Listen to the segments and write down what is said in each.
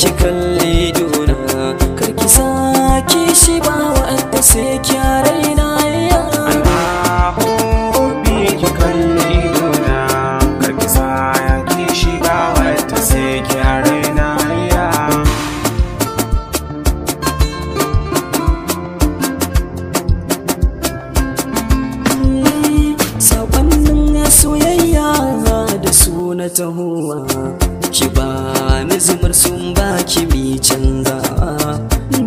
ki kalle duna kar ki sake shi ba wanda sai kya raina ya Allahu bi ki kalli duna kar ki sake shi ba wanda sai kya raina ya Sabannin soyayya da su na taho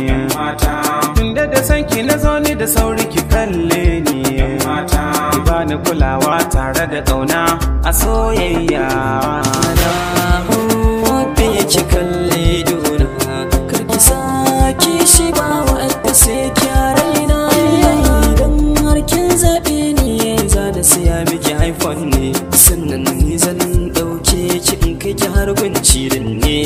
ni tunda da sanki na zo da sauri ki kalle ni ki bani kulawa tare da kauna a soyayya na hope ki kalle duna karki saki shi ba wa'adda sai kyara na idan har kin zaɓe ne. za da siya miki iphone ne sannan ni zan ɗauke ki in kai ki har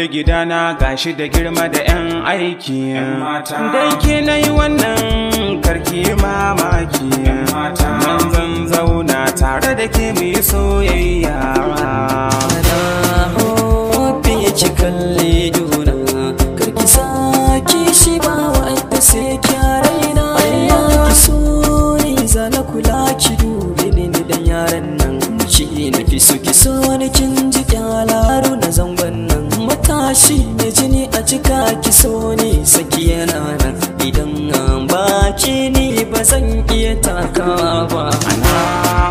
kulli gidana gashi da girma da 'yan aiki dai ke na yi wannan karki mamaki nan zan zauna tare da ke mu yi soyayya ya bi kalli idan ba ce ni ba zan iya taka ba ana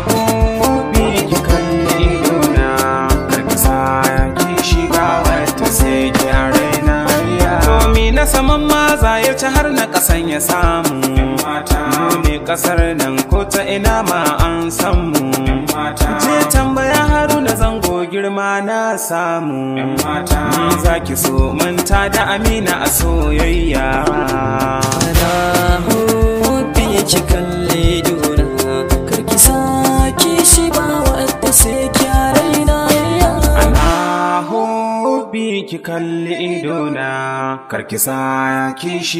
hobe ki kalle idona karkasa ki shiga wata sai ki raina to na saman maza ya ci har na kasan ya samu mata ne ƙasar nan ko ta ina ma an samu je tambaya da zango girma na samu Ni za zaki so manta da amina a soyayya ki kalle dora karki sake shi ba wadda sai kyarai na Allahu bi ki kalle idona karki sake shi